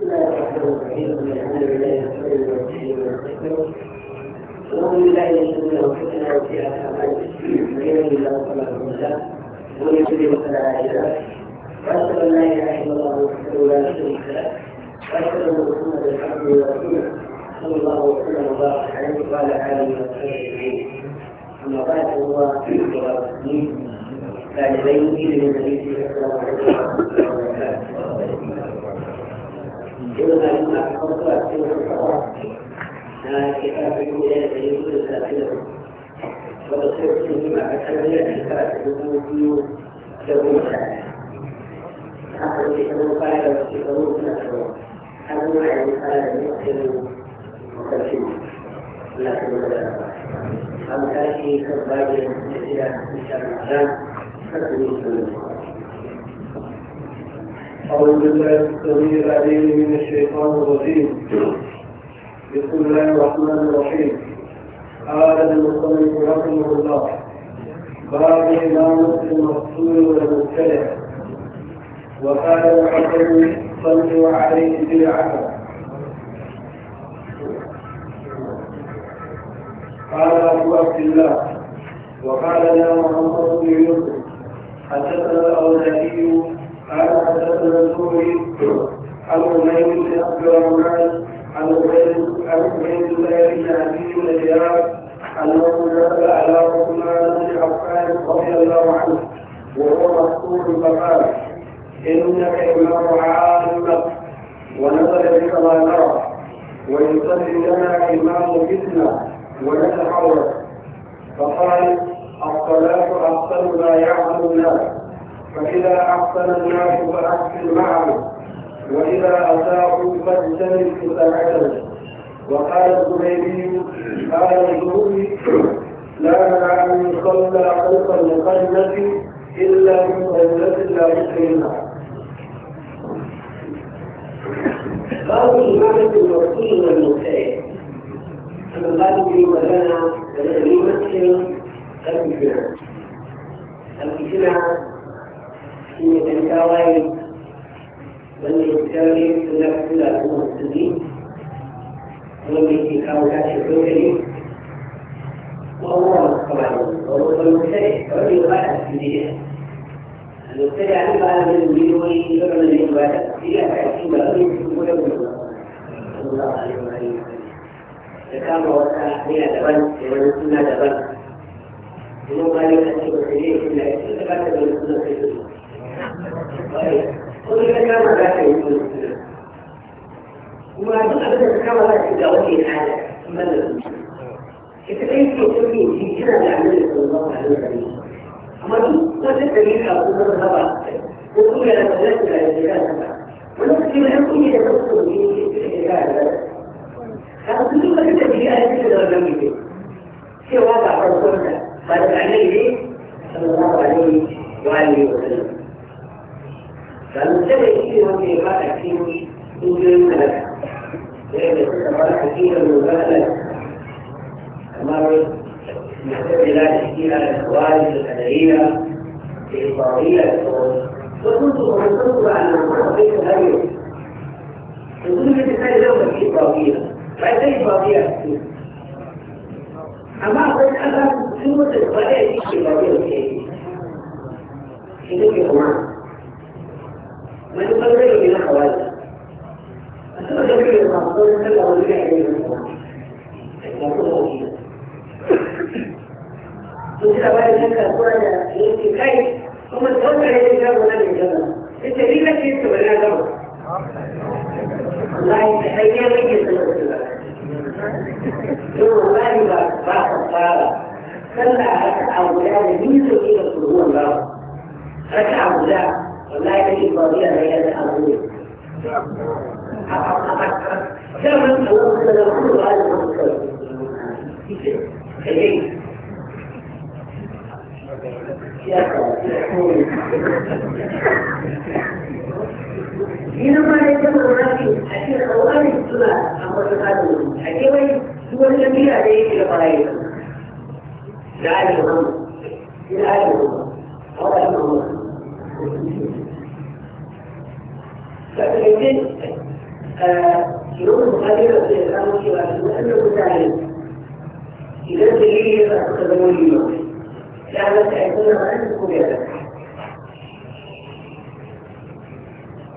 ومن لا يجوز له فتنة وفي أسماء ويجوز له صلاة الله ويجوز له فلا إله وأشهد أن لا إله إلا الله وحده لا شريك له وأشهد أن محمدا عبده ورسوله صلى الله وسلم وبارك عليه وعلى آله وصحبه أجمعين أما بعد فهو في الدين فلديه من النبي صلى الله عليه وسلم إما أن أحفظ أسئلة الصلاة لا كتاب إلى دليل الأسئلة وتصير فيهما أسئلة كتاب الوجود له أخذ بأنه قال في قانون نفسه هذا ما يعني قال يقتل مقتل لكن ولا أم تأتي كالباقي الأسئلة إن شاء الله أعوذ بالله السميع العليم من الشيطان الرجيم بسم الله الرحمن الرحيم قال المصنف رحمه الله باب إمامة المقصود والمبتدع وقال الحسن صلوا عليه بالعمل قال أبو عبد الله وقال يا محمد بن يوسف حدثنا الأولادي قال حدثنا الزهري عن عبيد بن عبد الرحمن عن عبيد الله بن أبي بن زياد انه نزل على عثمان بن عفان رضي الله عنه وهو مسؤول فقال انك امام عالمك ونزل بك ما نرى ويصلي لنا امام فتنه ونتحرك فقال الصلاه احسن ما يعمل الناس فإذا أحسن الناس فأحسن معهم وإذا أساءوا فاجتنب فتعجل وقال الزبيدي قال الزهري لا منع من صلى خلف المقلة إلا من قلة لا يسلمها باب إمامة الوكيل والمسيء أما الباب الذي ولانا الذي يمثل الإجماع الإجماع شنو الكواكب لم يتكلم إلا كل المسلمين ولم يتكلم كاشف الكريم وهو طبعا والمبتدع رجل واحد في البدع المبتدع يبقى من المليون يبقى من العبادة إلى تأكيد رجل يقول صلى الله عليه وسلم ذكر وسائل دبل لمن سنة دبل ثم قال يؤثر في إلا إذا ثبت من وما أظن أبدا كما لا تدعوني الحالة ملل كتبين في كتبين في كنا نعمل صلى الله عليه وسلم أما دون ما تتبين أو تنظر هبا وكل أنا مدرسة على الجلال هبا ولو كتبين أن كل يتوصل في الجلال هبا كان ما تتبين أن كتبين أن كتبين في وضع فرصونا هذا معنى إليه صلى الله عليه وآله وسلم فالمثال يجي هو في قراءة كثير يجي الملك لأن قراءة كثير من الملك أمر محتملات كثيرة الخوارج القدرية الإفراطية وكنت أنصت على المحققين هذه الكتب الثانية لهم في إفراطية بعد ذلك إفراطية أما قد أبى شو الإفراطية في إفراطية في كتب ɓangare ne na kawai a cikin ɓangare da masu sauran sallah wani ne a yi da kuma وكده بقى الشركه الكبرى اللي كاي هم الدوله هي اللي جابوا لنا الجنه انت ليه ما كنت ولا جابوا والله هي هي والله بقى بقى بقى خلى اولاد مين تجيب القرون بقى ركع اولاد لا يجب الضريبة بين الأرضين كما الله صلى الله عليه وسلم إنما يجب منافي حكي القرآن السنة أما تقالوا حكي وين هو الذي عليه في القرآن لعله الله لعله الله فكذلك شروط مقدرة في الأمر سواء المسلم المتعلم إذا دليل فاستخدموا اليوم لعلك أن يكون وأنتم بيدك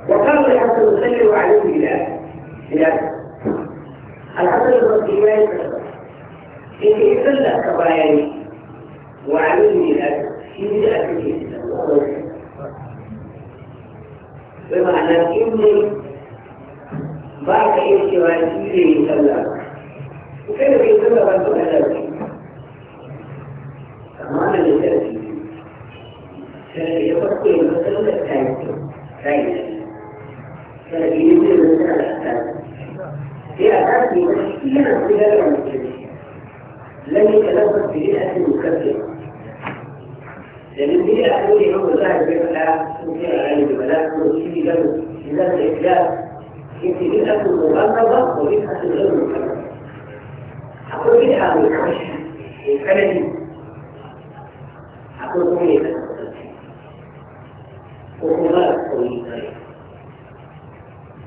وقال الحسن المسلم عليه بالله بالله الحسن المسلم إن إذا لا في بداية الإسلام بمعنى إني بعد اجتماعيه وعزيزي يسلم وكيف يسلم أنتم أدبي كمان لسلسي سلسي يفكر يمثل الثالث ثالث سلسي يمثل الثالث في أساس مشكلة في هذا المجتمع لم يتلفظ بجهة مكبرة وفي أقول يوم الزهر بمحا وفي أعلم بملاك وفي له لذلك الإخلاف أنت بدعة مغلظة وبدعة غير مغلظة أقول بدعة مغلظة الكندي أقول طويلة وخلاص طويلة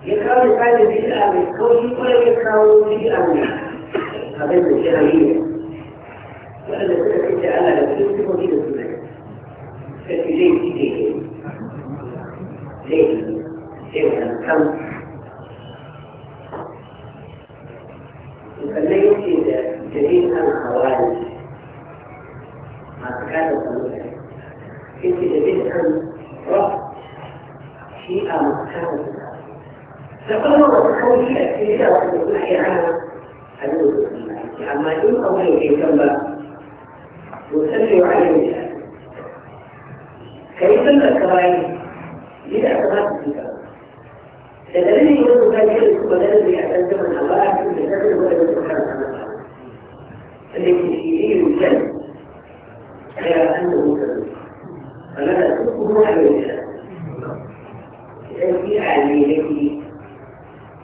يكره الإنسان بدعة من كونه ولا يكره بدعة من قبل الجاهلية وأن السنة تعالى لم تكن موجودة ليه ليه ليه ليه كم فليه كده جديد أنا حوالي ما كانت أنت جديد أن رفض شيء ما كانت تقول ما تقول شيء كده وتقول حي عنها أدوه أما يقول أولي كم بقى وسلي عليه كيف الكبائر إذا أثبت ذلك الذي يرد ذلك الذي يعتز من الله يعتز ولا سبحانه وتعالى الذي فيه الجنة على أنه مسلم فلا تكون على الإنسان في عليه التي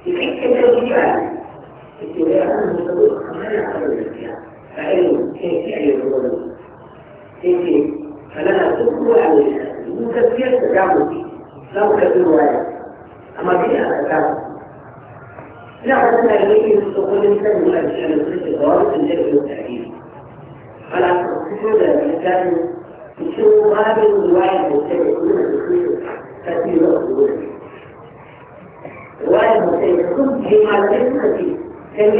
تفكر الرجال اتباع المتطور خمسة على الإنسان فعلم كيف يعلم الظلم كيف فلا تقوى عليها المكثير تجعل فيه لا مكثير عليها أما فيها أكثر لا عدنا إليه تقول الإنسان لا يشعر بذلك من جهة والتعليم فلا تقول يشوفوا ما بين الرواية المتبعة كلها تخيل تأثير الرواية المتبعة كل ما لم يكن فيه كان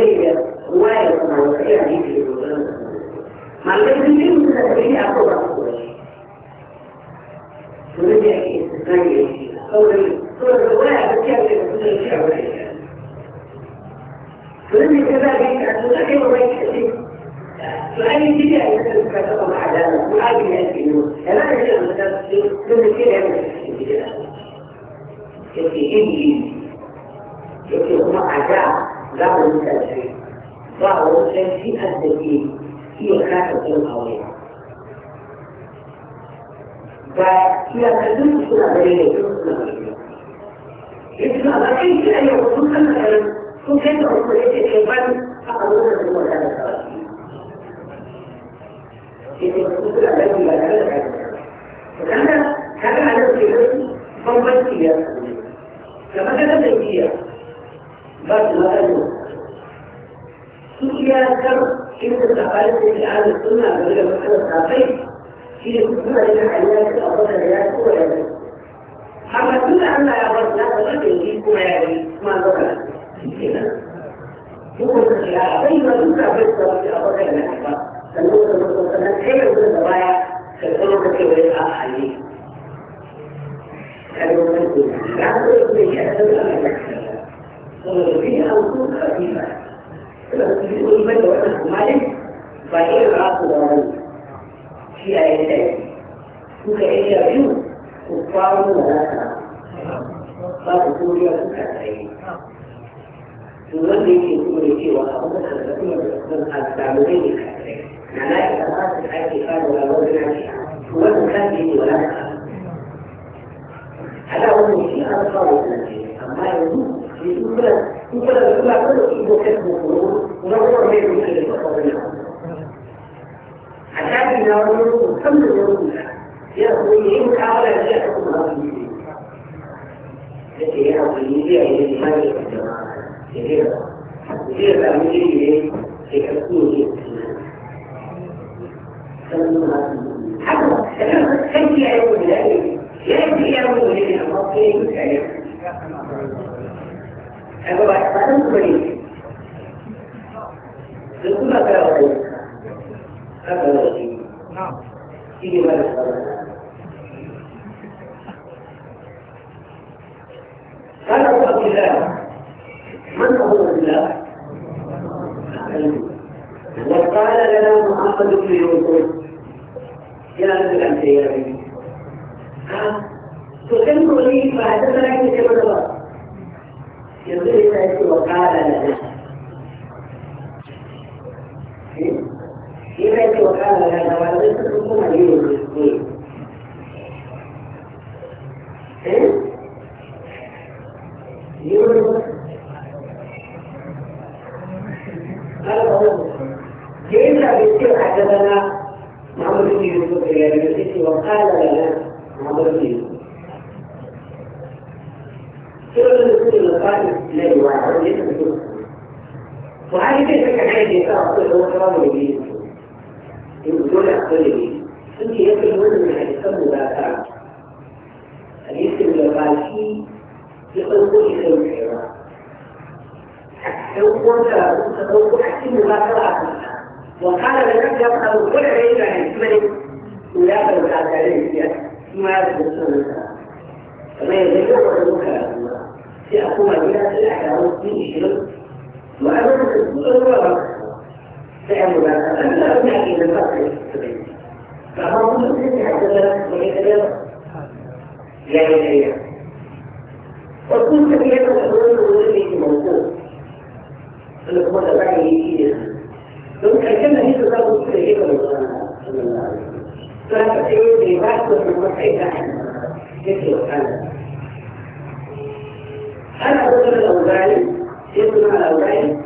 كان صار أما يقول يقول يقول يقول كل شيء يكتب ويقول ونقول هي مشكلة عشان يقولوا كم يقولوا يا أخوي إنك على الشيخ التي هي الإنجيلية هي هذه الجماعة كثيرة كثيرة من الإنجيلية في حكومة and go back to everybody. This is not that way. وحسين مذاكرة وقال لك يفعل كل عيب عن الملك ولا تبقى عليك ما تبصر فما يجب أن في أقوى بلا سلاح في شرك وأمر الأمر فعل مذاكرة أما هناك إذا فقر فهو مسلم حسنا ويتبع لا يتبع وكنت في هذا الأمر الذي موجود اللي هو ده بقى يجي لو كان هيك ده بس هيك ولا فاهم ايه اللي بحث في إيه؟ المحيط كده انا انا رجل الاوزاعي سيدنا الاوزاعي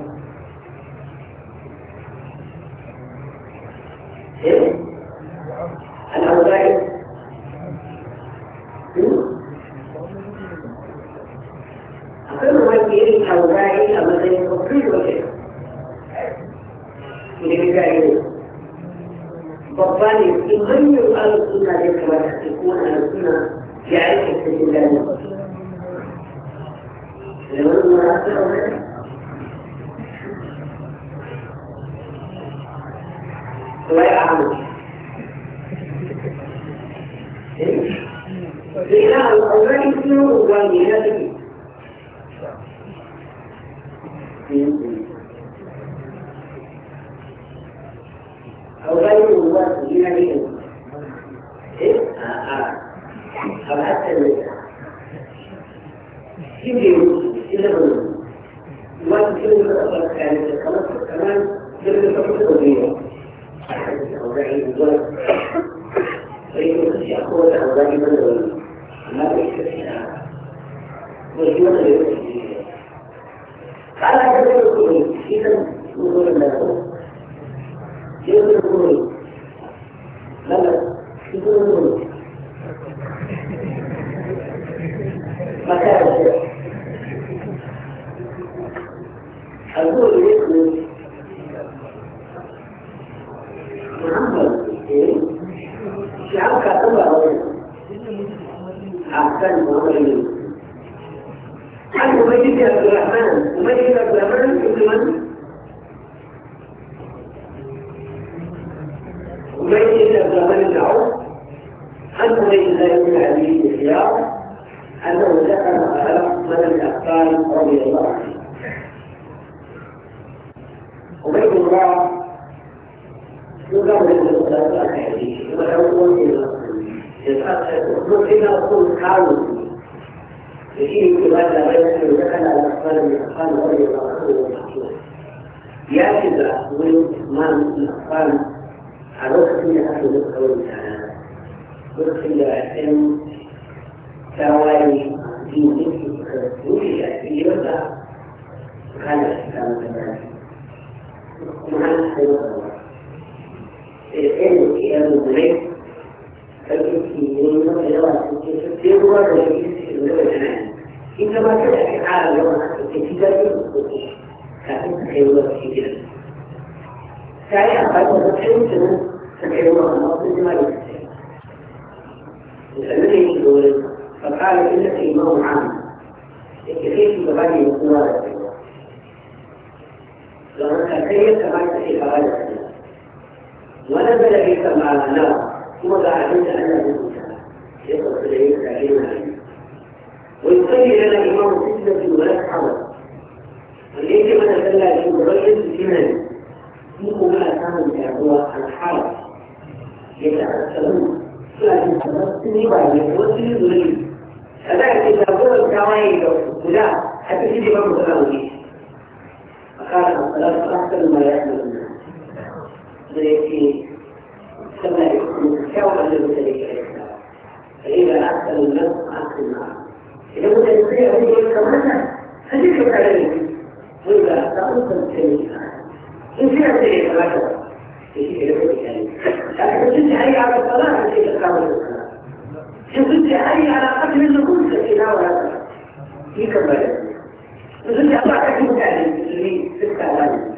ايه والجنة لوجهه قال هذا الكوني إذا نقول له يقول الكوني لا لا يقول الكوني مكان الكوني على النار ثم بعدين أنا يقرأ إليه تعليما ويصلي لنا الإمام في ولا حرج وليس من أتلى في مغير الجنان فيه ما كان هو الحرج يتعلم فلكن تمثل بعد يتوسل إليه هذا إذا كنت كوايد ولا حتى في الإمام الغزالي فقال الصلاة أحسن ما يعمل الناس كما يكون كما المتدين فإذا أحسن الناس أحسن النار إذا كنت تستطيع أن يتمنى عليك وإذا أخطأت فالكلمة إن كانت هي ثلاثة لكن كنت على الصلاة في إقامة الصلاة كنت على قتل النفوس في نار في كبرت كنت أطلع كنت في التعليم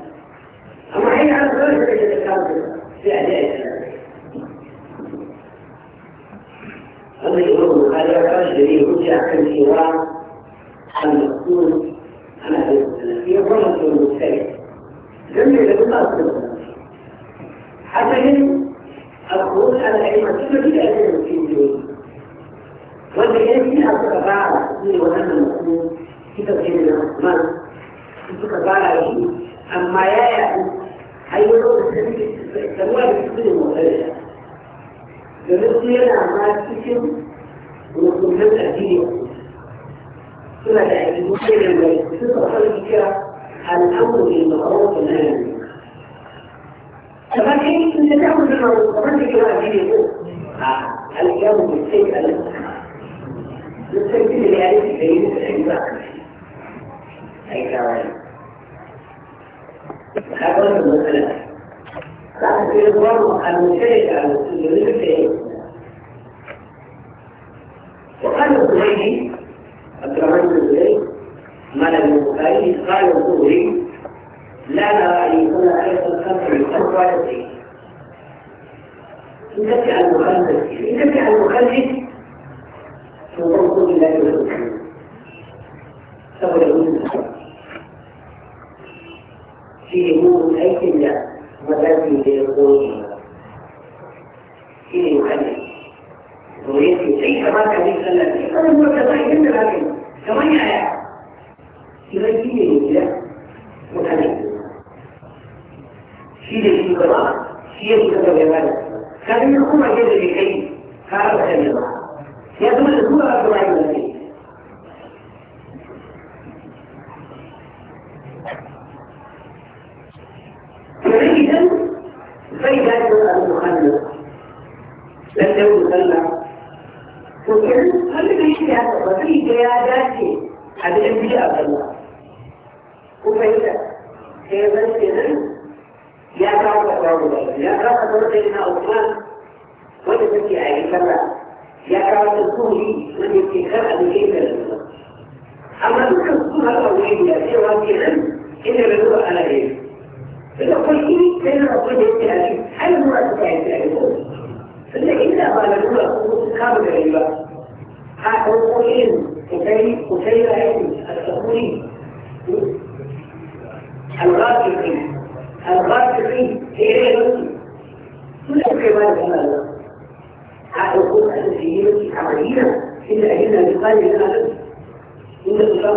أما حي على الصلاة في إقامة في أداء الصلاة أما الإمام البخاري قال جميع رجع عن الإمام المقصود عن أبي السلفية ورد المجتهد جميع لما أصدقنا حتى هم الخروج على الأئمة كيف في أئمة في الدين والبيان في أصدق بعض الدين وأن المقصود كيف في الأصدقاء أصدق بعض الدين أما يا يعني أي يوم تسموها بكل مختلفة domin su yana ma cikin rukunan addini suna da aiki ne mai suka farki kira al'amur ne ba a wasu na yanzu kamar kai sun ta tamu da maru kamar da kira addini ko a alƙiyamu mai sai da alaƙa sun san kiri da yare da yi da shi ba a yi kawai. Kaga wannan matsala المشرك المسلم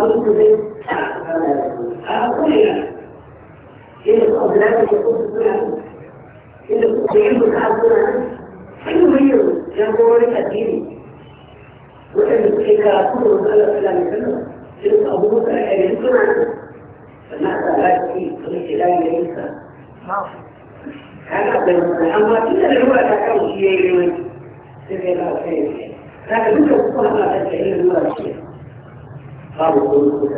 قلت لك أنا أقول لك إيه الأولاد اللي قلت لك إيه الأولاد اللي قلت لك حلو ميرو جنبوري كثيري وإن كيكا كل مسألة كلام كلمة إيه أبو بكر اللي قلت لك فما أتلاقي في كل كلام ليس أنا أما كده اللي هو أتكلم شيء يقول لك لكن ممكن تكون هذا الشيء هو الشيء قالوا قولوا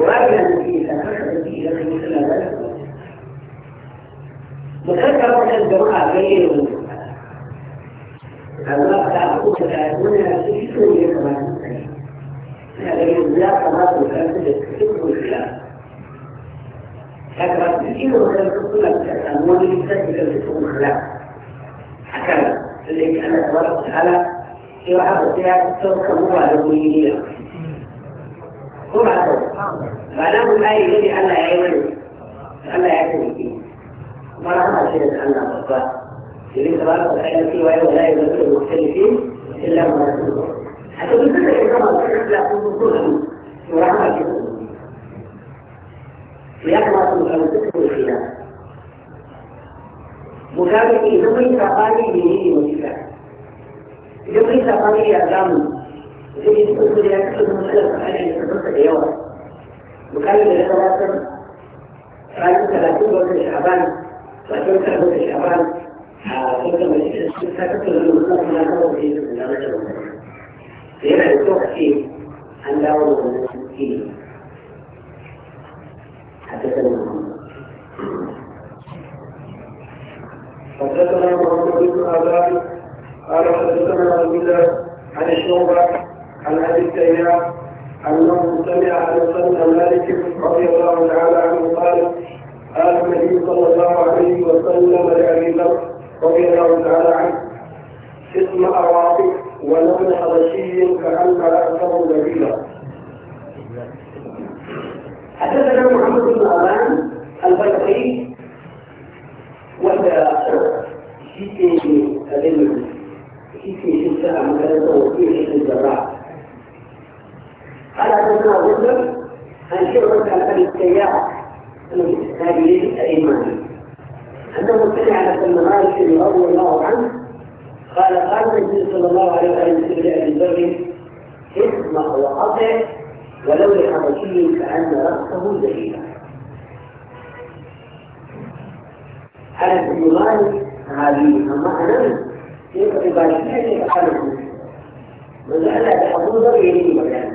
وأبنى النبي إذا فكر النبي إلى أن يسمى ذلك وذكر وقت الجماعة غير الله تعالى فيكون في كمان هذا لا قرار الفاسد كثير الخلاف كثرة كثير من الكتب تسمون لتسجل الكتب الخلاف حكم اللي كانت ورقة على في واحد الكتاب تركب على الميلية سرعة معناه الآية يجي ألا يعمل ألا يعمل فيه ما رأى شيء أن الله يريد تبارك وتعالى فيه وأيضا لا يمثل المختلفين إلا ما يكون حتى بالنسبة للكرامة لا تنظرون ورحمة جدا ويقرأ المخالفة الخلاف مخالفة يمكن تقاليد دينه وكفاح يمكن تقاليد أقدامه zai uku da ya kashe matsala tsakanin da sabon da yawa bukatar da ya gabatar ranar talatin ga watan sha'aban wato wata watan sha'aban a wata mai cikin sun ta kashe wani mutum kuma ta wata yin da na da wata da yana da kyau a ce an dawo da wannan suke a tattalin mutum حدثنا محمد بن عباد قال حدثنا عبد الله عن الشعبه عن ابي التيام انه سمع عن سنه مالك رضي الله تعالى عنه قال قال النبي صلى الله عليه وسلم لابي بكر رضي الله تعالى عنه اسم اراضيك ولون حبشي كان راسه نبيلا حدثنا محمد بن عمان البكري وهذا في في في في في في في في في في قال حدثنا ابو بكر عن شعبة عن ابي السياح التابعي الايماني انه سمع عبد المغارب رضي الله عنه قال قال النبي صلى الله عليه وسلم لابي ذر اسمع وقطع ولو لحبشي كان راسه ذليلا على ابن مالك هذه اما انا يقضي باشيه على المسلم بحضور ذر يليه يعني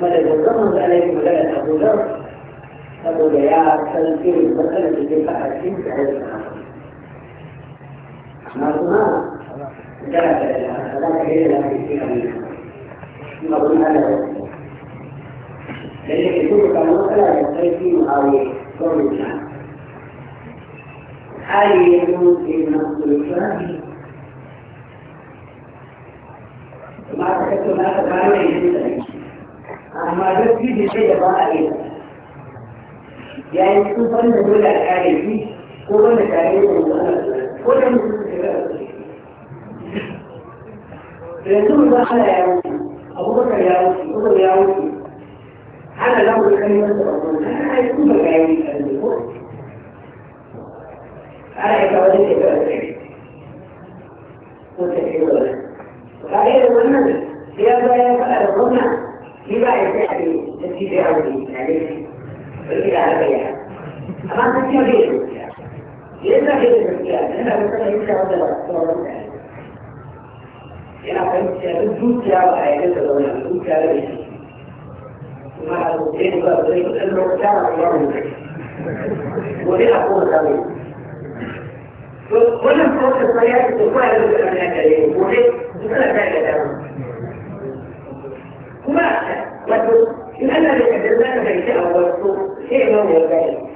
فلا يتطمن عليكم ولا أبو ذر أبو ديار سنتين مثلا في جيب حاكم في عيد ما ذهب إلى هذا إلى في أظن هذا لأن كتب كانوا لا يستوي في معاوية قول الإسلام حالي يكون في نصر الإسلام ما تكتب هذا كان يجب amma gaske da shi da ba a yi yayin sun san da dole a kare shi ko wanda kare da wani ko da mutum da ya yanzu mu ba ala ya wuce abubakar ya wuce umar ya wuce ana za mu da kalmar da bakon ana yi kuma ga yi kalmar ko ana yi kawai da ya kawai da ya ko ta ce ba غير لأن غير الرجال لأن الرجال يمشي على الصورة إلى فهمت الدوت على حياته الدنيا الدوت على الدنيا ومع الدين بقى بدأ الرجال على الأرض وليه أقول كلمة كل الفرص الصحيحة تكون على الأمانة كريم وليه مثل ذلك وما وإن أنا بكتبنا فإن شاء الله شيء ما هو ذلك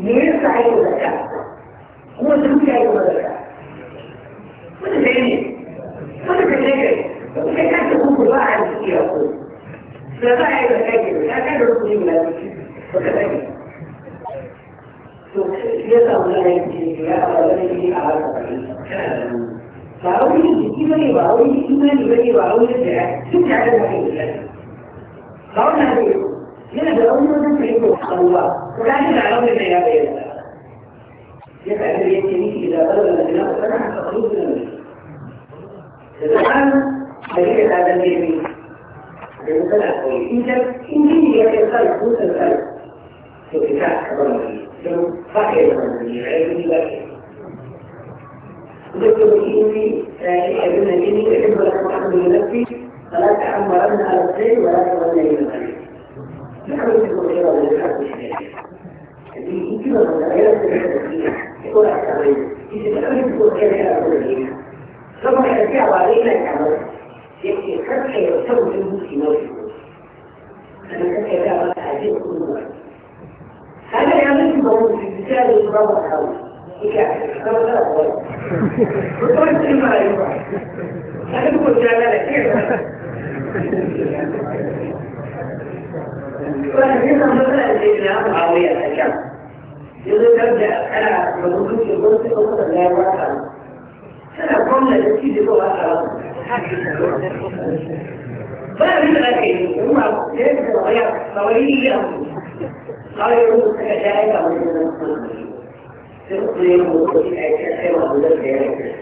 ينفع أي مذكرة هو تنفع أي مذكرة ماذا تعني؟ ماذا تعني؟ وكيف تكون كل واحد في يقول؟ فلا أي مذكرة لا كان رسول من وكذلك فأولي إيماني وأولي إيماني وأولي إيماني وأولي إيماني سمع هذا الحديث قولنا هذا هنا ده أول ما تنفعه سبحان الله وكان يدعى ربنا يا بيت يفعل اليمين إذا بلغ الجناب فنحن تقريب من المشي الآن حقيقة هذا اليمين المثلث إن كان إن كان يتخلق مثلث فكاك كبرنا لأنه فاكر من يعيبني باكر ذكر إني أبن الجنين أحب لك محمد نفسي فلا تعمرن على الخير ولا تغنى إلى الخير ثم يرجع علينا العمل يكفي الفتح يرتبط المسلمين أنا كنت أتابع هذه الأمور هذا يعمل بموضوع في الكتاب الإمام الحوي إكاحة كما أقول وطبعا كما يقول هذا هو الجامعة الى معاوية كم يقول ترجع أنا مدرسة في القدس أصلا لا يوقع أنا قمنا التي تقول فأنا من الأكيد هم يجب غير صوريهم غيروا كذلك من المسلمين تقضيهم وقضي أكثر وقضي أكثر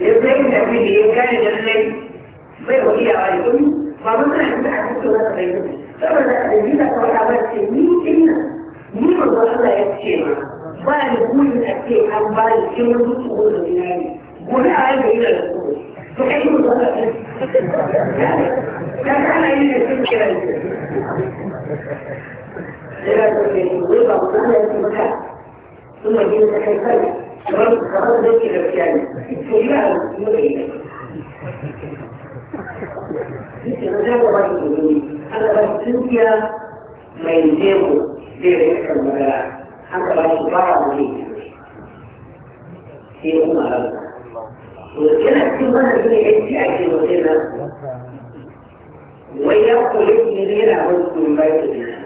يبقى إن أبيه كان جميل ما هو هي عائلون بعضهم عندنا حديث ولا تغيره فأولا الذين ترحبت مين إنا مين الرحلة يكتير بقى نقول من أكتير أو بقى يكتير من تقول الإناني قول أعلم إلى الأسول فكيف الرحلة كان على إلي الأسول كده إلى الأسول ويبقى الرحلة يكتير ثم جينا كيفية شباب الخلاص ذكي الأسياني فإلا أسول إليه استخدام الرجل هذا بسيطة ما يلزمه في رئيس المجال حتى بعد الضرر فيه في أمة ربنا وكان في مرة في عدة أكل وسنة ويقول ابن لي لابد من بيت الله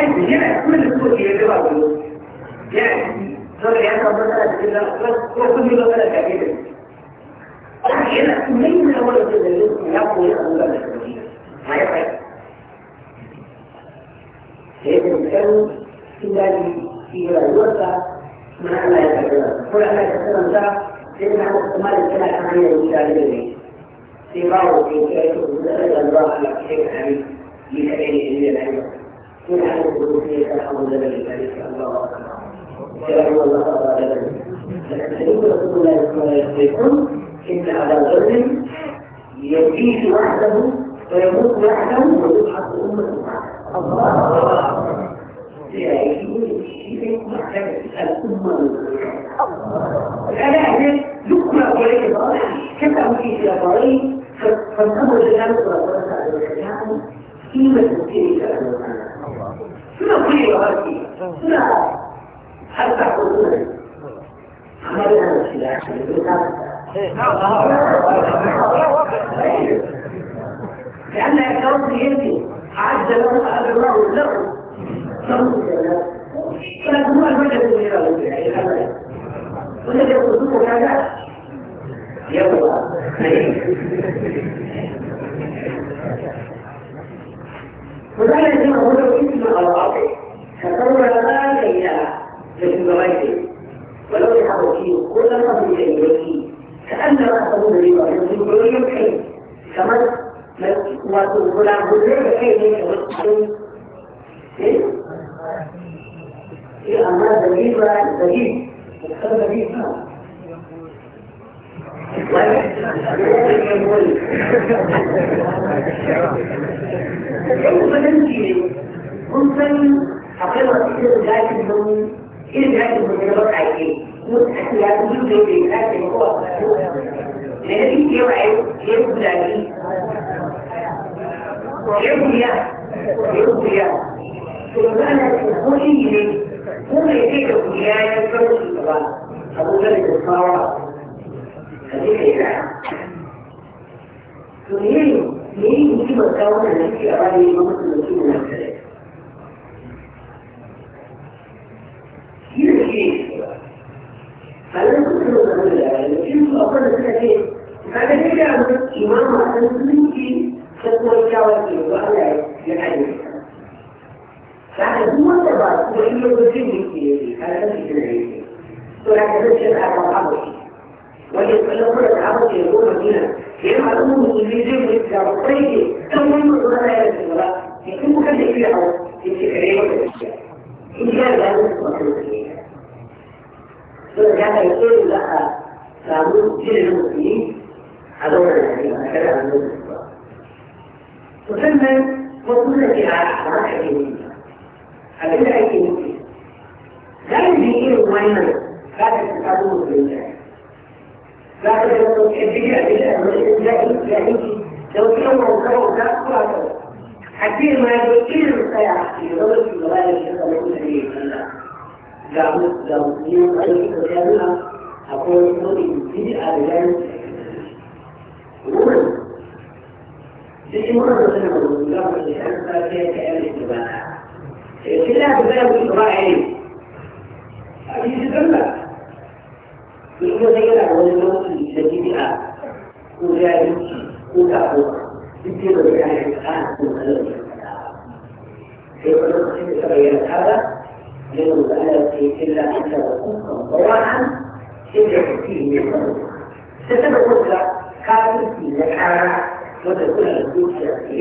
أنت جاء كل سوء يجب أن يعني صار يحصل مثلا في الله وكل يوم مثلا كبير هنا من هو الذي يقول أن المسؤولية ما يقعد هذا الكلام الذي إلى الوفاة ما لا يتكلم كل ما يتكلم ذا لأن هذا استعمال الكلام عن المشاهدين في بعض في كيف يدرج الله على شيء حبيب لكأنه إلى العلم كل هذا الظروفية الحمد لله ذلك الله أكبر كلام الله تعالى الحديث رسول الله صلى الله عليه وسلم إن أبا الغزل يبيت وحده ويموت وحده ويضحك أمة الله يعيشون الشيء محكمة الأمة الآن هنا يقرأ عليك ضالح كيف أمشي في أبارين فانتبه لله ورسولة على الكلام قيمة ممكنة لأنه سنة كل وغاتي سنة حتى لك عملنا السلاح لأن الكون يبي عز له قال الله له فهو الوجه من يرى ولا يقصدون هذا يلا وذلك يجب أن هو اسم الأرض فقرب لا إله لكن بغيره ولو يحركيه كل ما في شيء كأن ما تقول لي يمكن يمكن كمان وتقول عن بذلك كيف ايه؟ ايه أمراض غريبة غريب مختلفة غريبة كيف نمشي ممكن حقيقة كثير لكن ايه اللي هاتف الجنرال عايز ايه متأكد يعني كل ده بيتأكد هو لأن دي يوعي يبدو لأجيه يبدو يعني يبدو يعني فلما تقولي لي هو يتكلم وياي يفرق الصلاة أبو ذلك الصلاة هذه كيفها تقولي لي ليه يجب الكون الذي أراني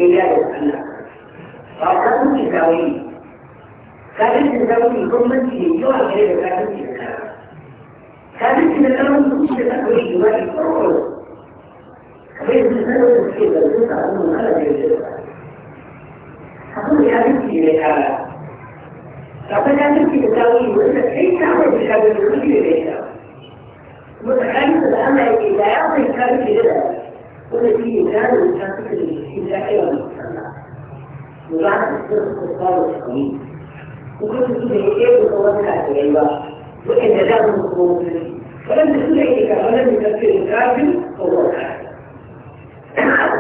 إيجاد الناس فأصدقوا في الزاوية كانت الزاوية ضمن في جوع غير كانت في الكلام الزاوية كل تأويل ما يقرر فإذا الزاوية في الزاوية أنه الزاوية أقول يا بنتي لك فقد أنت تساوي وأنت كيف تعمل بشكل كل ليس متخلف الأمر إذا يعطي الكلام في ذلك كل في إمكان تحقيق الإبداع والمجتمع وبعد الصدق الصار والتقليد وكل في إيه وصولنا على العبارة وإن لهم الظروف فلم تكن إليك ولم يفكر الكافر هو الكافر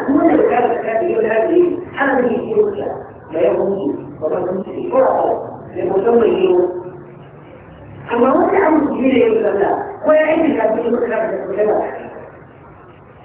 من الكافر كان يقول هذه هذه الكلمة لا يغني ولا يمشي ولا غلط لمسمى اليوم أما وسع مسجد يقول لا ويعيش الكافر يقول لا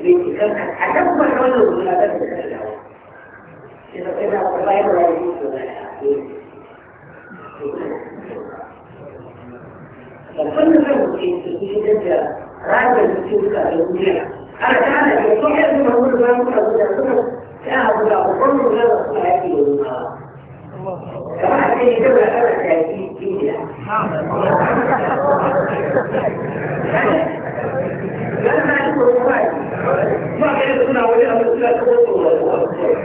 حسب العلوم لا بد من العلوم إذا إذا غير فكل فهم في الجنة راجل في الجنة أنا كان يقول أن أقول ما يقول أقول كان أقول أقول ما يقول أقول كما أتي جملة أنا سيأتي فيها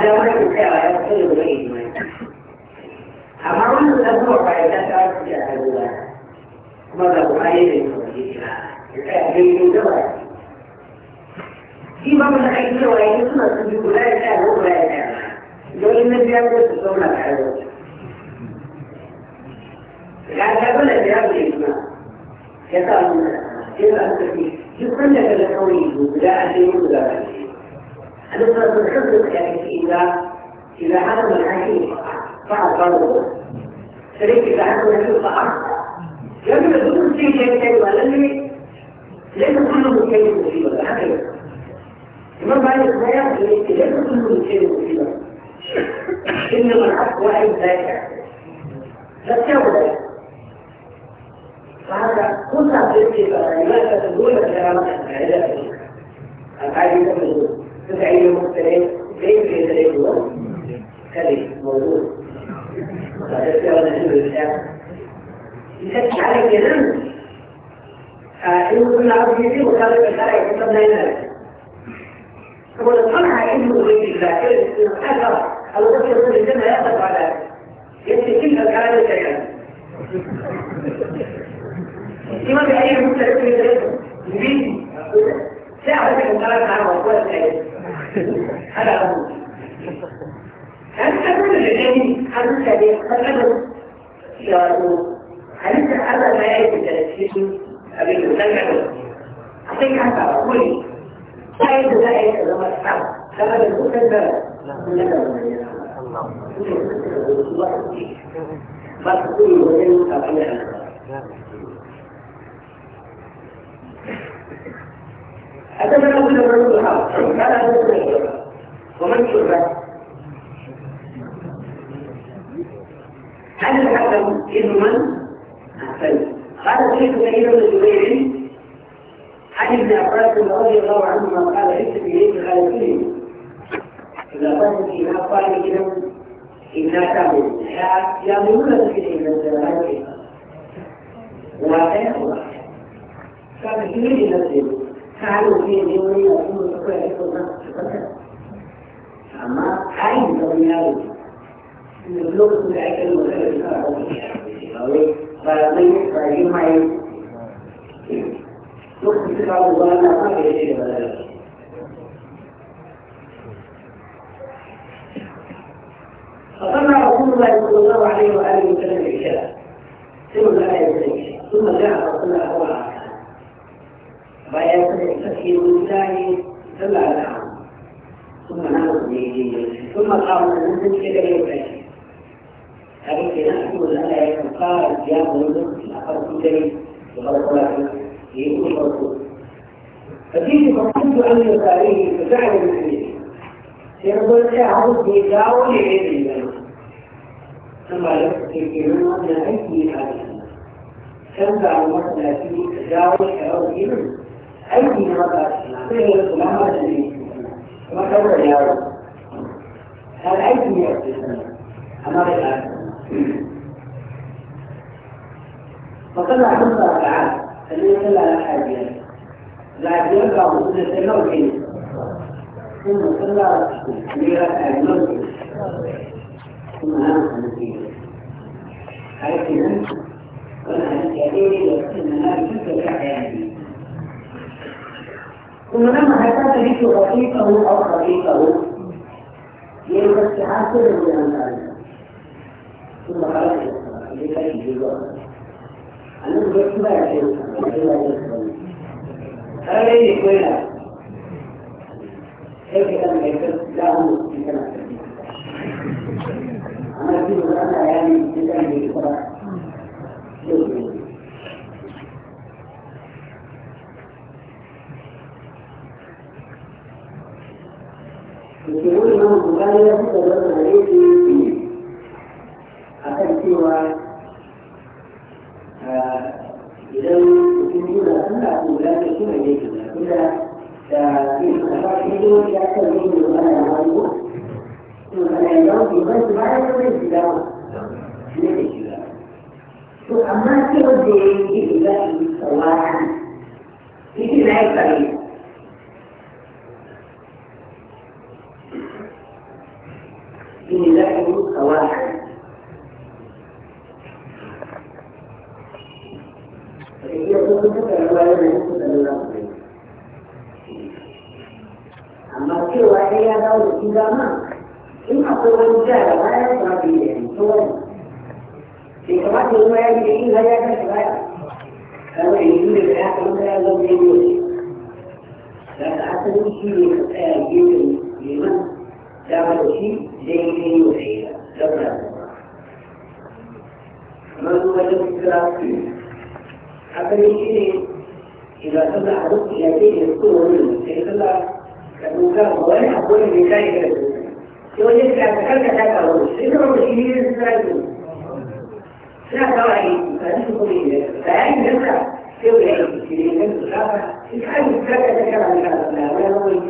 هذا ما يستطيع يقول غيره أما من الأمور فإذا كانت جاهلة ماذا بخير من دواء في بعض الأحيان وإن كنا نقول لا يتعلم ولا يتعلم لو إن الجاهل تسلم على لا تقول الجاهل يسمع يسأل يسأل يسأل يسأل يسأل يسأل يسأل يسأل يسأل نسبة الحب يعني إذا إذا عدم الحقيقة فقط ضرورة شريك إذا عدم الحقيقة فقط لم يكن في شيء ولم ليس كل شيء مصيبة هكذا إمام مالك ما يقول إيه؟ ليس كل شيء مصيبة إنما الحق وعي ذاك لا تشاور فهذا كل تفكير لماذا تقول لك يا رب يعني العالمين الحاجة تدعي مختلف كيف يتلقى كذب موجود هذا سوى نحن الإسلام يسكت عليك ينام فإن كنا عبد يجيب وكذا الشرع يكتب لنا هو الطمع عنده غير الذاكرة هذا الوصف يقول إنما يقف على يأتي كل الكلام شيئا لما بأي مختلف يريد ساعة الكلام معه وقوة الكلام هذا هو هل تكون الإعلام هل تبين قبله شارو هل هذا ما يجب تلسيسه أبي المسلم أعطيك حتى أقولي لا يجب ذلك لما تحب كما المسلم الله الله الله أتمنى أن أكون الرسول الحق أنا أقول ومن شرب هل الحكم ابن من؟ أحسن قال الشيخ سعيد بن جبير عن ابن عباس رضي الله عنهما قال ليس بيد خالقين إذا قال فيما قال إنهم إنا تعبد يأمرون بالعلم والزمان وهذا هو كان في نفسه تعالوا في الدنيا وهم يكون أما عين دنيا يبلغ ذلك المدرس فلا يمكن أن يمعن نقص بعض الظلام ما يجب ذلك فطلع رسول الله صلى الله عليه وآله وسلم العشاء ثم لا يدرك ثم جاء رسول الله bayan sun tafi mutane sallah da ثم نام ثم قام من ذلك الى يوم لكن نحن الآية قال يا مولد أخذت إليه وقد قلت يقول الرسول فجئت فقلت عن يساره فجعل من يمينه سيقول يا عبد يجاوب يدي ثم لقد من أي هذه كم بعد مرة تجاوب أو يمين aiki ne maka sai da su mama da ne kuma kawai yaro har aiki ne a cikin amma da yaro فقد أحمد تعالى أن يصل على حاجية لا يرجع وصول السلام كيف ثم صلى أميرة المنزل ثم هم خمسين حيث نمت وأنا أتكلم لأن أنا كنت في حياتي उन्होंने महत्ता करी तो वकील कहूँ और कभी कहूँ ये सब क्या से जानकारी तुम महाराज ये का जीवन अनु व्यक्ति बैठे अरे ये कोई ना एक एकदम लेकर जाऊँ इतना हमारे जीवन में आया नहीं जितना ये करा wannan da yake yi a kan cewa idan mutum yana suna kula da shi mai yake da kuma da yin kafafi yau ya kan yi ne wani da wani ko to kana yawon biman su bayan da zai shiga ne da shiga to amma cewa da ya yi da shi tsawara shi ne na yi فيه لحم واحد أما سوى هي دولة إذا ما إن أقول رجالة ما يسمع فيه يعني في كمان ما يجي إلا يكشف فهو يجوز الآخر لا يجوز لا تعتمد في الآية لمن تعمل شيء زي وحيدة لولا ما هو الذي حتى يجري إذا طلع رزق يأتيه يذكره منه إذا طلع كان ولا حقول بذلك يقول لك أتكلم ذاك الرزق إذا ما تشيلين الزرق لا توعي فأنت تقولين فأين يرجع يقول لك تشيلين الزرق يفعل ذاك ذاك الرزق لا ولا هو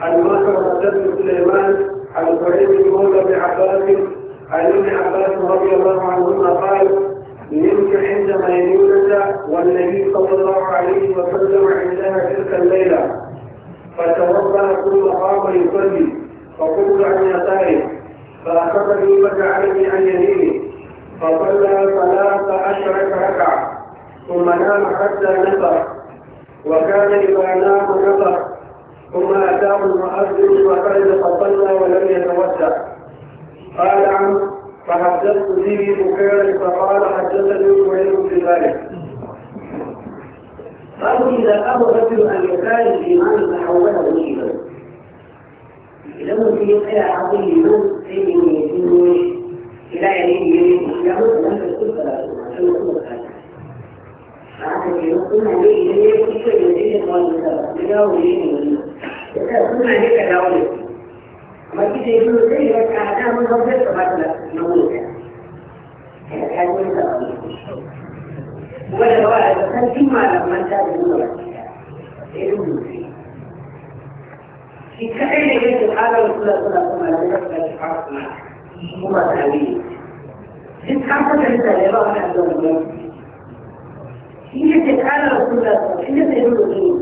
عن ماكر بن سليمان عن سعيد بن مولى عباس عن ابن عباس رضي الله عنهما قال نمت عند ميمونة والنبي صلى الله عليه وسلم عندها تلك الليلة فتوضأ ثم قام يصلي فقمت عن يساره فأخذني فجعلني عن يمينه فصلى ثلاث عشرة ركعة ثم نام حتى نفر وكان إذا نام نفر ثم أتاه المؤذن فقد فصلى ولم يتوسع قال عم فحدثت به بكير فقال حدثني سهيل في ذلك قالوا إذا أبى الرجل أن يكاد الإيمان تحوله إلى لما في قيل حق الإيمان سيدي يسير إلى يديه يسير لم تكن فلا تكن فعشان يقول عليه يسير إلى يديه قال له لا يديه suna ne ka dawo ne amma kita yi suna sai ya ka hada mun hau sai ka fata na wuri ka ya ka yi wani da kuma da ba a san cin malaman ta da nuna ba sai da wuri shi kaɗai ne yake ƙara wa suna suna kuma da ya ka shi fara kuma kuma ta ne duk ka fata da ya ba wani abu da wuri shi yake ƙara wa suna suna shi yake nuna wuri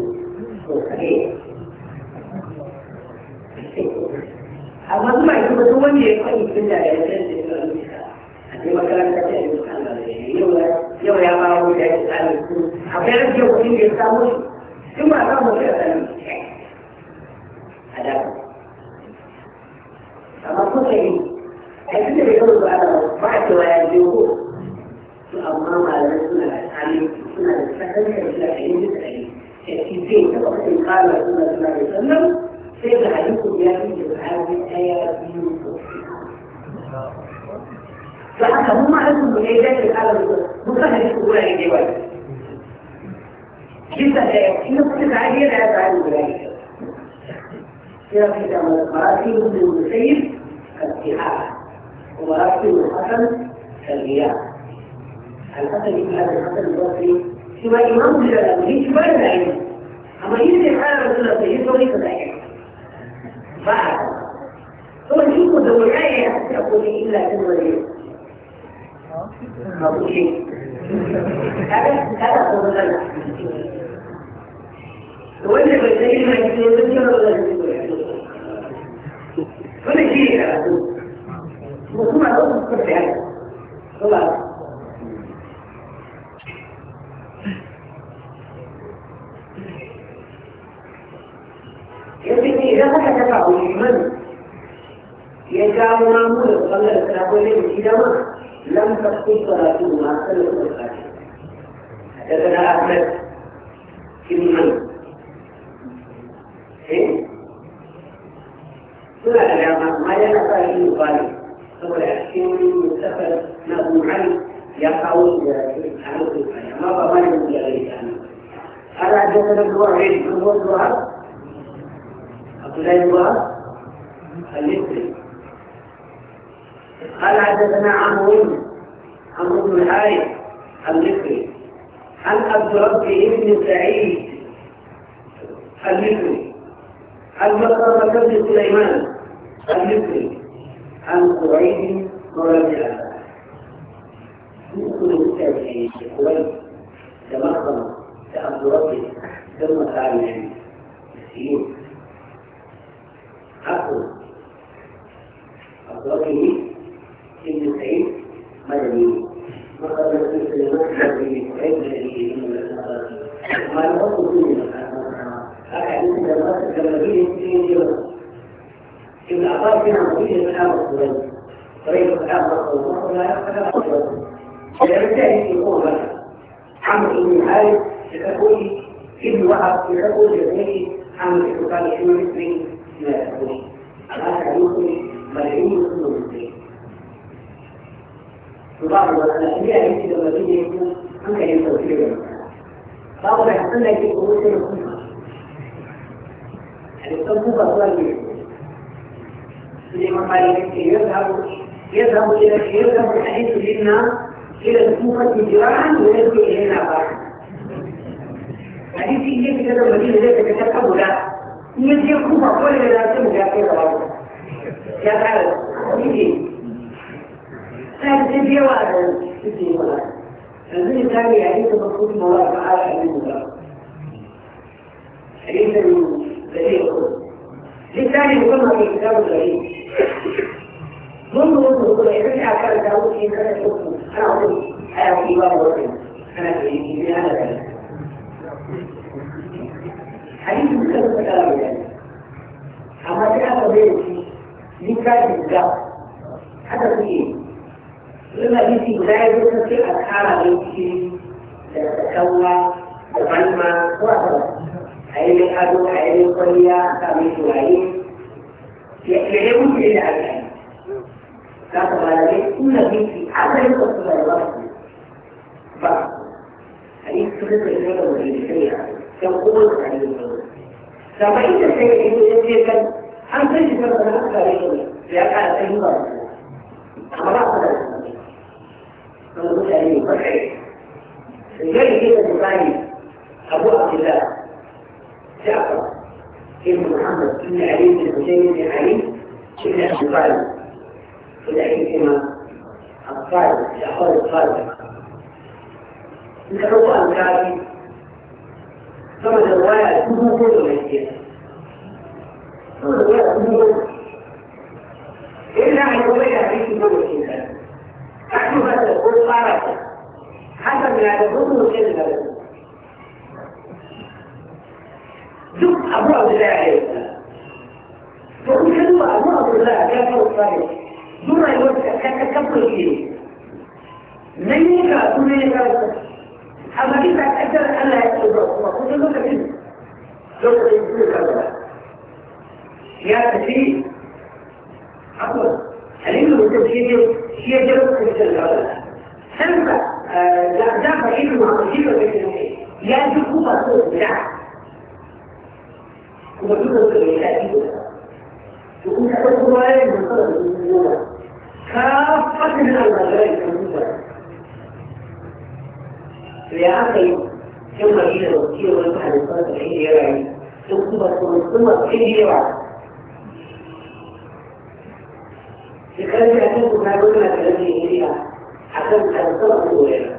to kaɗai amma kuma ita ba duk wanda ya kwani tun da ya san da ya a ce makaranta ta yi yau ya ba wani da ya tsari su akwai rage kuɗin da ya samu shi ba samu shi a tsarin a da amma kuka yi a yi da ya kawo ba ba a cewa ya je ko su amma malamai suna da suna da da ya ci zai kala suna suna da sannan سيد عليكم إيه إيه يا ابني هذه آية يوسف جدا لا يمكن أن تعالي لا يفعل ذلك كده في مراتب من المسيب الاتحاد ومراتب الحسن الرياء الحسن بن أبي الحسن البصري سوى إمام الجلال ليش بين أما يجري حالة رسول الله صلى الله عليه وسلم بعد ترجيك دعاية تقول إلا أن وليه ما أقول شيء هذا هذا هو الغلط وانت بتلاقي ما يصير بتجرب ولا كل شيء مفهوم على الأرض الصبح يعني خلاص يمكن إذا هكذا من يجعل نامه يصلى الكتاب والذي لم تكن صلاته مع سلف الخاتم حدثنا أحمد بن من سنة العلماء ما ينفع أن يقال فهو يحكم مستقبل نبو علي يقع عن ما ضمان من غير هذا حدثنا الوحيد بن الوهاب كليبة قال حدثنا عمرو عمرو بن الحارث المصري عن عبد ربه بن سعيد المصري عن مصطفى بن سليمان المصري عن قريب مرجع يدخل بالتوحيد قريب في تأخذ ربه ثم تعالى المسيح عفوا أخبرني ابن سعيد مدني وقد نسيت سليمان مدني وعيد الذي ما يقصد منه أكيد لما تكلمين في يوم ابن عباس كان مدير الحرم الصغير طريق الحرم الصغير لا يقتل أصلا فبالتالي يقول عمرو بن الحارث يقول ابن وهب يقول لابنه عمرو بن الحارث اسمه ما يفعلوش هذا يخرج ملايين السنين الدين وبعض الأشياء التي لما تيجي يكون أنت يفعل فيها بعض الأحسن لك يقول شيء يكون يعني الإنسان هو أصلا الإمام مالك يذهب يذهب إلى يذهب الحديث للناس إلى الكوفة جراحا ويذهب إلينا يعني فرحا حديث إيه كده المدينة ذلك تتكلم لا يجي الكوفة كل اللي لازم يأكل الأرض يا خالد يجي تجي بيوانا يجي ولا الذي كان يعيش مخصوص مولاك على حبيب الله حديث دليل للثاني يقولنا في كتاب الغريب منذ منذ كل يرجع كان داود في كذا أنا أقول أنا في باب أنا في أنا حديث مختلف تكلم يعني أما في هذا بيتي ليه كان الجو هذا في لما يجي بداية يوصل في أسحار بيتي تتكوى تغنى وهكذا أين الأدو أين القرية تبيت العين يحلم في العين كتب على كل بيتي حتى يوصل الله فحديث سنة الإمام الشيخ يقول عليه لما انت تجد هل تجد مثلا اكثر لك على اي ضرب اما لا اقدر عليه صحيح الجاي كده الثاني ابو عبد الله جعفر ابن محمد بن علي بن حسين بن علي بن ابي طالب الائمه الصالح الاخوان الصالح له انكاري sama da waya dubu goma mai ke sama da waya dubu goma ina a yau mai da aiki goma ke kan kashi ba da ko fara ta haka na da goma ke da gaba duk abu abu da ya yi to in ka duba abu abu da ya kawo tsari duk rayuwar ka ka kafa ke nan yi ka kuma ya kawo أما كيف أتأكد أن لا يتوقف المفروض أنه كبير لو تقول كذا يا تسير عفوا العلم بالتسير هي جلد كمثل هذا ثم الأحزاب علم معرفية بالتسير يأتي قوة صوت بتاعها ومجرد الكلمة يأتي يكون أول من طلب كافة من المغارب الموجودة يا أخي كم قليلا وكثير وانت عن الصلاة الحين يرعي ثم ثم الحين يرعي لكذلك أكلت ما قلنا كلامي إليها حكمت على الصلاة الأولى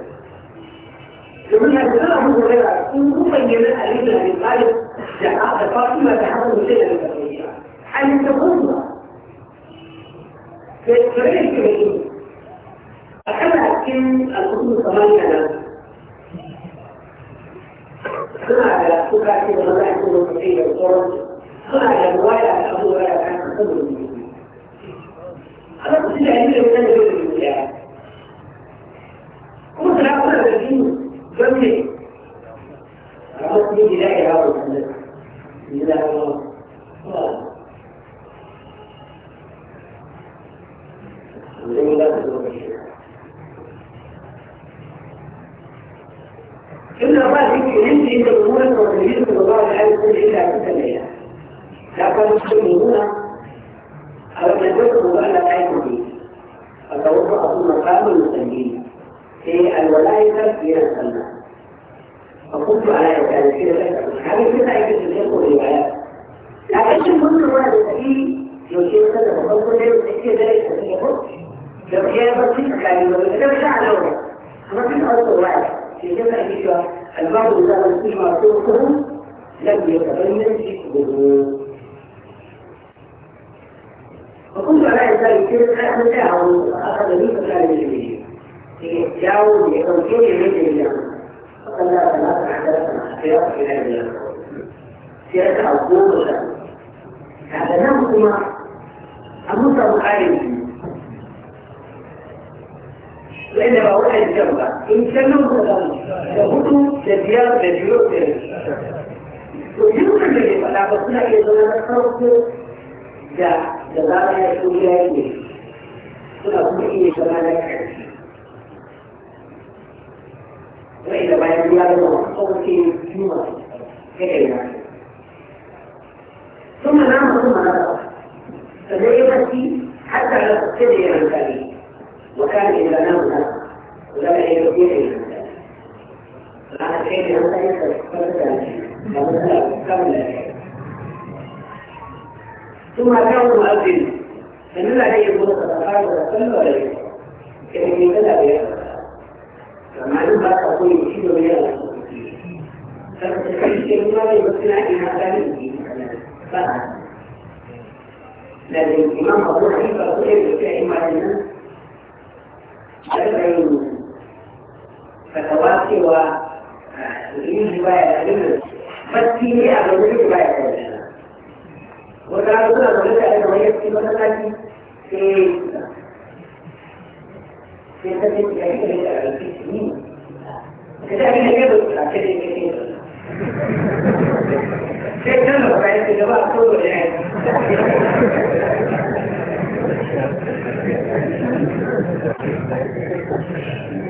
لمن أكثر من غيرها ثم يمنع علينا من قالب دعاء فاطمة تحمل شيئا من أن تقوم فليس بعيد أكلها كم القرون ثمانية suna da suka ce da maza a cikin lokaci da tsoron suna da ruwaya da abubuwa da kan kan da mutum a lokacin da yanzu da wutan da yau da zuciya kuma suna kuna da jini don ne a lokacin gida ya yawo da kanda gida ya yawo Thank you. إلا ما فيك عندي إن الأمور والمدير من الله الحالي كل إلا أكتبها لكن المسلمون أو يدركوا بأن لا يكون فتوقف مقام المسلمين في الولاية إلى السنة فقلت على ذلك هذه كلها يجب أن يكون روايات لكن كل واحد فيه يشير هذا التصور لا يؤثر ذلك في الحكم لو كان بسيط كان يقول لك مش على وجهك ما في أرض واحد في ذلك المرء إذا فيما تركه لم يتبين في قدره فكنت على ذلك كيف تعاون أخذ لي مكان الجميع يتجاوز يتوجه إليه الجميع فقال لا ثلاثة عشرة خيار في هذا الجميع سياسة أو قوة هذا نعم أمر عالمي لأن ما هو حيث كمبا إن كانوا يهدوا تبيار بجيوت ويوجد اللي فلا بصنا إلى دولة صوت جاء جزارة يسوريا إليه كنا بمئي كمانا وإذا ما يبيار صوت كيما كيما ثم نام ثم نام فدائما حتى لا تبتدي من ذلك وكان إذا نام ولم يستطيع مع الحين هذا يختلف ثم كان مؤذن فمن لا يقول الصلاة ولا صلى ولا يصلي كان يبدا بها فمعلوم بقى تقول يشيل بها فالتسليم ما يمكن أن يهتم يمكن لكن الإمام أبو حنيفة غير الكائن مع الناس فتواتي و يجب أن فتيني أبدا يجب أن وكان كل ما يجب أن يكتب مثلا في في تجد أي في سنين كذلك يجب أن كذلك يجب شيء كله بعد كده بقى كله يعني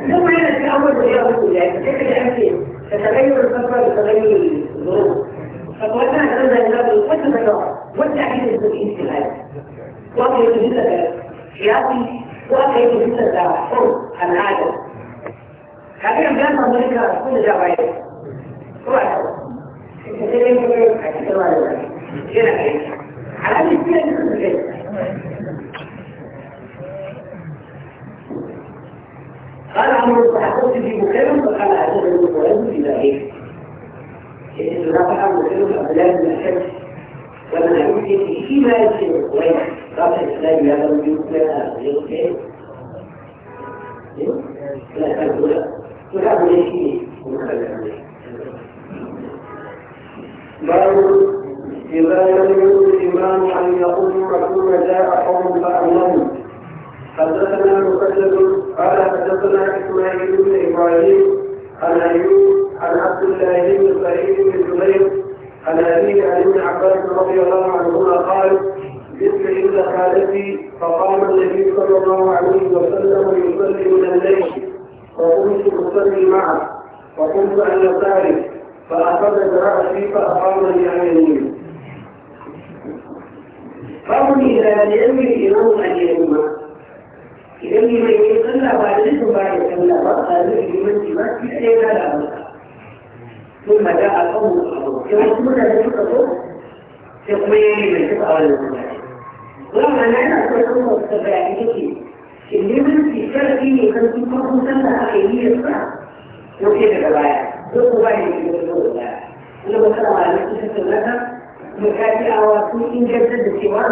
ثم هنا في أول رياضة الله كيف الأمثلة تتغير الفترة بتغير misali a wasu ingantar da cewa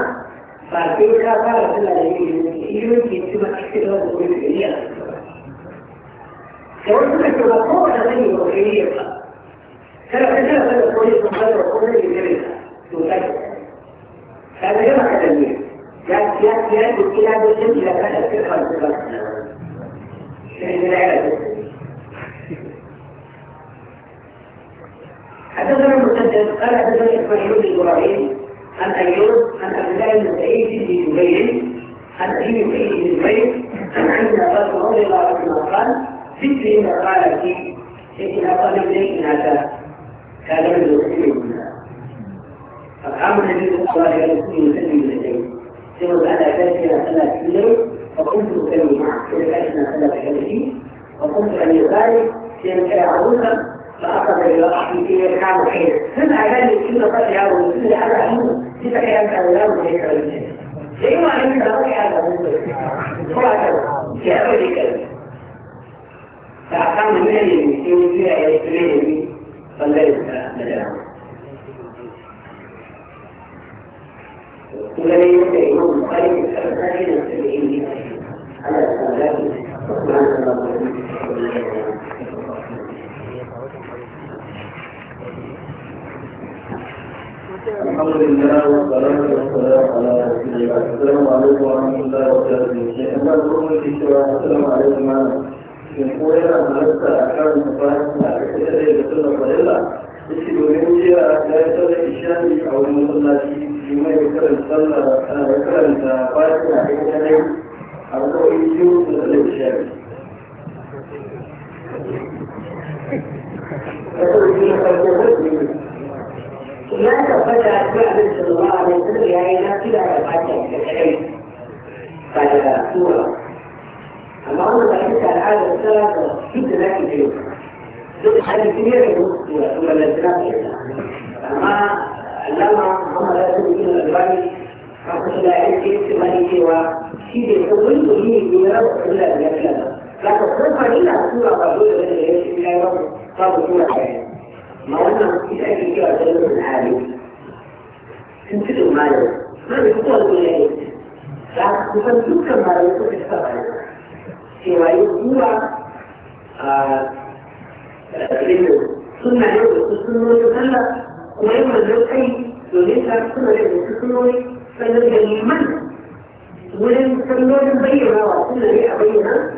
ba sai ka fara suna da yin ilimin ke cima cikin da wani wani shari'a da wasu ka ce ba kowane sani ba shari'a ba kada ka tana sanar kone sun fara kone da gare ka to ka ce ka ga yana kadan ne ya ya ya da kila da shi da kada ka fara da ba sai da ya da حدثنا مسدد قال حدثنا اسماعيل بن ابراهيم عن ايوب عن عبد الله بن سعيد بن جبير عن ابي سعيد بن جبير عن عند عباس رضي الله عنه قال ذكري ما قال في سيدنا قال ابني ان هذا كان من المسلمين فقام النبي صلى الله عليه وسلم يسلم اليدين ثم بعد ذلك صلى في الليل فقمت اسلم معه انا صلى بكلمتي وقمت ان يخالف لان كان عروسا فأخذ إلى أحد الحمد لله والصلاة والسلام على رسول الله السلام عليكم ورحمة الله وبركاته إن الأمور السلام عليكم in koyar da halatta a kan bayan da aka da ya mutu da farilla yake domin jiya ya yi tsara ishani a wani masallaci kuma ya karanta sallah ya karanta bayan da aka kadai a kawai biyu da tsara da ما تفتح أسماء النبي صلى الله عليه وسلم يعني ناس كده رفعتها يعني بعد سورة أما أنا بحس على هذا السبب جدا لكن فيه جدا حاجة كبيرة في نص سورة الأسلام أما لما هم لا يسمون الألباني فقط لا يعرف كيف مالي وشيء يقول لي يرى إلا بلا لا تصرف إلا سورة قبول الذي يشفي لا يرى صار سورة حياة ما أنا في أي شيء أتكلم العالي تنتظر ماله ما بيقول ولا فبتفكر ما يكون السبب سوى يقوى سنة يوم السنة يتسلى ويوم الزوجين يوليس سنة يوم السنة فالذي يمن ولم تنور بينها وسنة بينها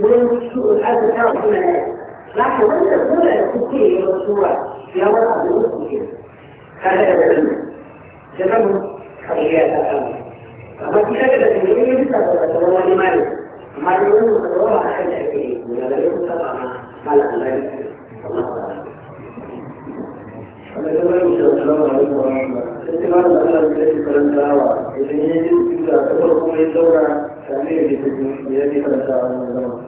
ولم تسوء الحاجة تعرف منها لا 那我们是不能去借一个书啊，别问他有出去，看这个人，这他们可以啊，他们，我们这个人因为是什么什么外卖的，买的东西很多嘛，现在可以，你那个用得到吗？他哪来的？فنتمنى السلام عليكم ورحمة الله استماع المسألة التي فلنتها وإذا يجب أن تكون الدورة تعمير بيدي فلنتها عن الزمن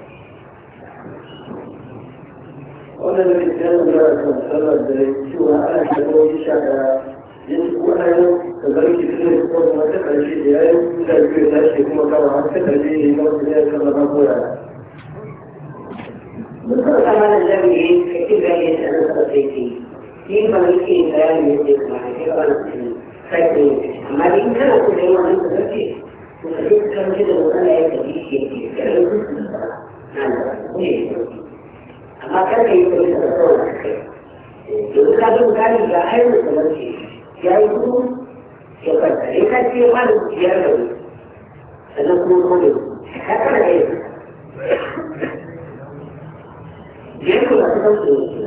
wannan da ke kanan da kan sallar da cewa ana shiga wani sha daya yanzu ko ana yau ka zarki da zai kuma kuma ta karshe da yayin kusa biyu ya tashi kuma kawo har ta karshe ne na wasu ya kalla ba koya. Mutum kama da jami'i ka ci gani da nan sosai ke yi ba ni ke bayani da ke kuma ke ba na sani sai amma in kana so da yawan ka zarki to ka je ka kamshi da wani ya kaji ke ke da yanzu. Nan da ne. هكذا يتطور الخير لازم كان يجاهر التمشي جايبه يقدر يكاد في قلب يرمي فنكون قلب هكذا يجب يجب أن تنصر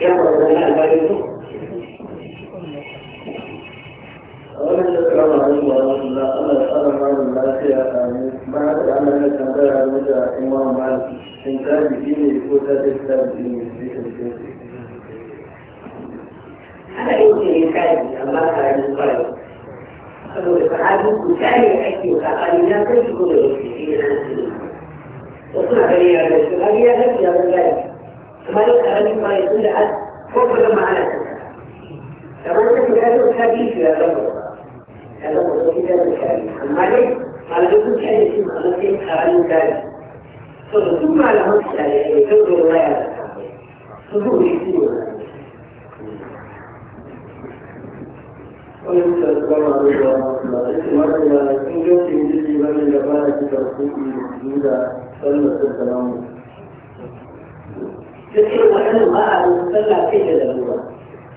يقرأ من البيت ومن ذكر الله ورحمه الله أنا أرى من لا شيء آمين ba haka da ana yin tambaya game da imam malik shin tabi'i ne ko ta ce tabi'i ne su yi shi ana yin shi ne tabi'i amma ka yi kwayo saboda sahabi ku tare ake kakari na kai shi kuma yake shi ne na shi wasu na gani ya gani har ya gani ya gani kamar yin karamin kwayo tun da ko kuma ma'ana kamar ta fi gado ta biyu ya gano ya gano da gidan da shari'a amma dai على جزء حاجة في مخلصين أعلم ذلك ثم على هم يعني تنظر الله على صدور يكتبون ويسأل الله عليه وسلم إن كنت من جزء من الجبارة ترسوك موجودة صلى السلام تذكر وأن الله صلى في جلالة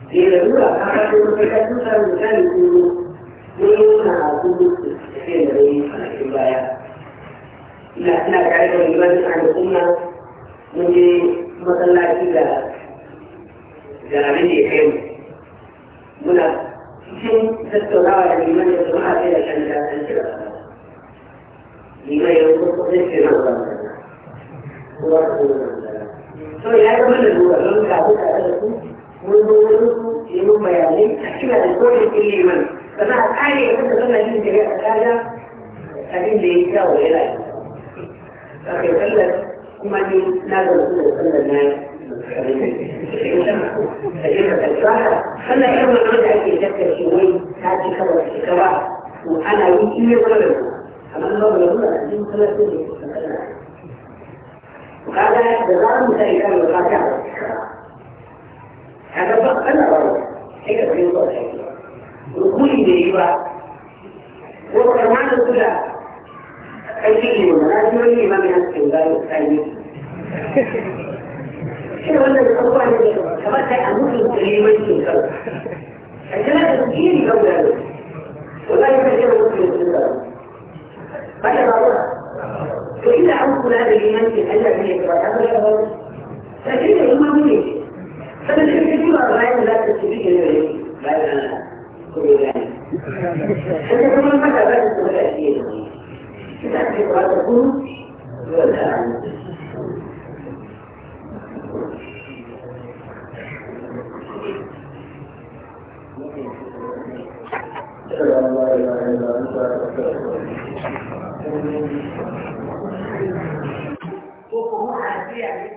في جلالة أحد المتكلمين كان يقول muna gudu da tafiya da yi a cikin baya ina ina tare da limanin al'umma mun je masallaci da da abin da ya kai mu muna cikin tattaunawa da limanin da jama'a sai da kan da kan shi liman ya wuce ko sai ke nan ba kuma ko to ya ga mun da duwa don ka buka da su mun zo wurin su yi mun bayanai a cikin da kodin ilimin فمع الحالي كنت قلنا جنت بيئة حاجة خليل لي يو إلي لكن قلت هم اللي نازل أسلوب قلنا الناس فأنا يوم أرجع في ذكر شوي هذه كبر الشكرات وأنا يمكن ولا أما الله يقول دي ثلاثة وهذا بغرض مثل وقاطع هذا فقط أنا هيك في rukuni da yi ba ko kamar su da aiki ne ba na ji wani imam ya ce ba ya tsari shi wannan da abubuwa ne kamar sai a mutu da limancin kansa a jira da su yi kan da wallahi kan jira mutu da su ba da ba ba to ina an kula da limancin Allah ne ba ta ba ta ce da imam ne saboda kake ba bayan da za ta ci bikin da yake bayan Allah كل ذلك انت كمان متى بدات التأثير تأثير قد تكون ولا أشهد أن لا إله إلا أنت أستغفرك.